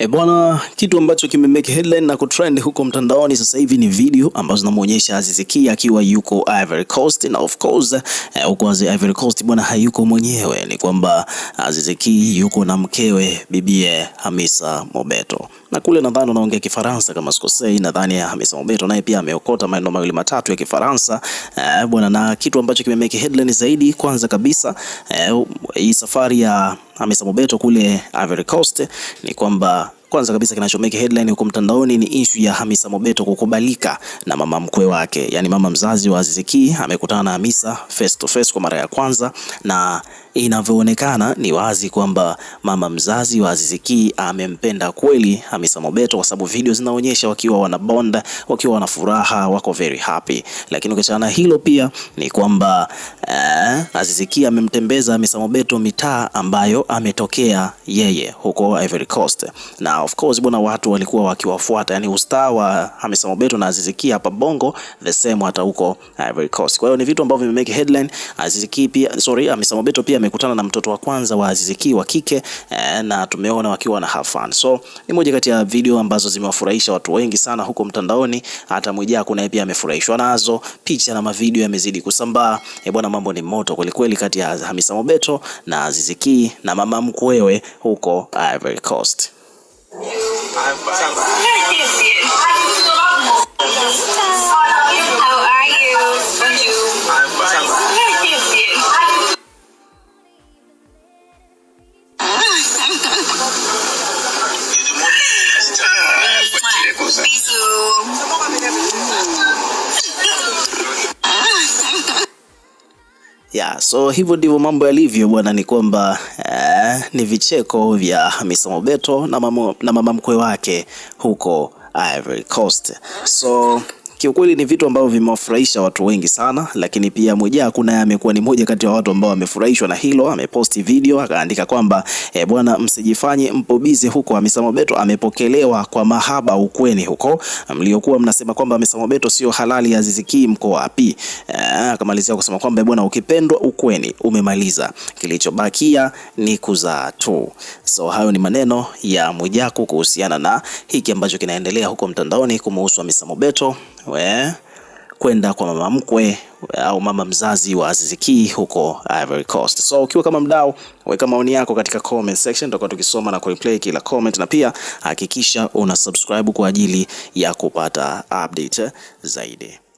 E bwana, kitu ambacho make headline na kutrend huko mtandaoni sasa hivi ni video ambazo zinamuonyesha Aziz Ki akiwa yuko Ivory Coast, na of course eh, huko Ivory Coast bwana hayuko mwenyewe, ni kwamba Aziz Ki yuko na mkewe bibie Hamisa Mobeto na kule nadhani wanaongea Kifaransa kama sikosei. Nadhani Hamisa ah, Mobeto naye pia ameokota maneno mawili matatu ya Kifaransa eh, bwana, na kitu ambacho kimemeke headline zaidi kwanza kabisa eh, hii safari ya Hamisa ah, Mobeto kule Ivory Coast ni kwamba kwanza kabisa kinachomeke headline huko mtandaoni ni ishu ya Hamisa Mobeto kukubalika na mama mkwe wake, yani mama mzazi wa Aziz Ki amekutana na Hamisa face to face kwa mara ya kwanza, na inavyoonekana ni wazi kwamba mama mzazi wa Aziz Ki amempenda kweli Hamisa Mobeto, kwa sababu video zinaonyesha wakiwa bond, wakiwa wana furaha, wako very happy. Lakini ukiachana hilo, pia ni kwamba uh, Aziz amemtembeza Misa Mobeto mitaa ambayo ametokea yeye huko Ivory Coast, na of course bwana, watu walikuwa wakiwafuata, yani ustaa wa Hamisa Mobeto na Aziz hapa Bongo the same hata huko Ivory Coast. Kwa hiyo ni vitu ambavyo vimemake headline. Aziziki pia, sorry, Hamisa uh, Mobeto pia amekutana na mtoto wa kwanza wa Aziziki wa kike eh, na tumeona wakiwa na have fun. So ni moja kati ya video ambazo zimewafurahisha watu wengi sana huko mtandaoni. Hata Mwijaku naye pia amefurahishwa nazo, picha na mavideo yamezidi kusambaa. Eh bwana, mambo ni moto kweli kwelikweli kati ya Hamisa Mobeto na Azizi na mama mkwewe huko Ivory Coast. Yeah, so hivyo ndivyo mambo yalivyo bwana, ni kwamba eh, ni vicheko vya Hamisa Mobeto na mama, na mama mkwe wake huko Ivory Coast so Kiukweli ni vitu ambavyo vimewafurahisha watu wengi sana, lakini pia Mwijaku naye amekuwa ni moja kati ya watu ambao wamefurahishwa na hilo. Ameposti video akaandika kwamba e, bwana msijifanye mpo bize huko, Hamisa Mobeto amepokelewa kwa mahaba ukweni huko, mliokuwa mnasema kwamba Hamisa Mobeto sio halali Azizi Ki mko wapi? Eh, akamalizia kusema kwamba eh, bwana, ukipendwa ukweni umemaliza, kilichobakia ni kuzaa tu. So hayo ni maneno ya Mwijaku kuhusiana na hiki ambacho kinaendelea huko mtandaoni kumuhusu Hamisa Mobeto we, kwenda kwa mama mkwe au mama mzazi wa aziziki Ki huko Ivory Coast. So ukiwa kama mdau, weka maoni yako katika comment section, tutakuwa tukisoma na kureplay kila comment, na pia hakikisha una subscribe kwa ajili ya kupata update zaidi.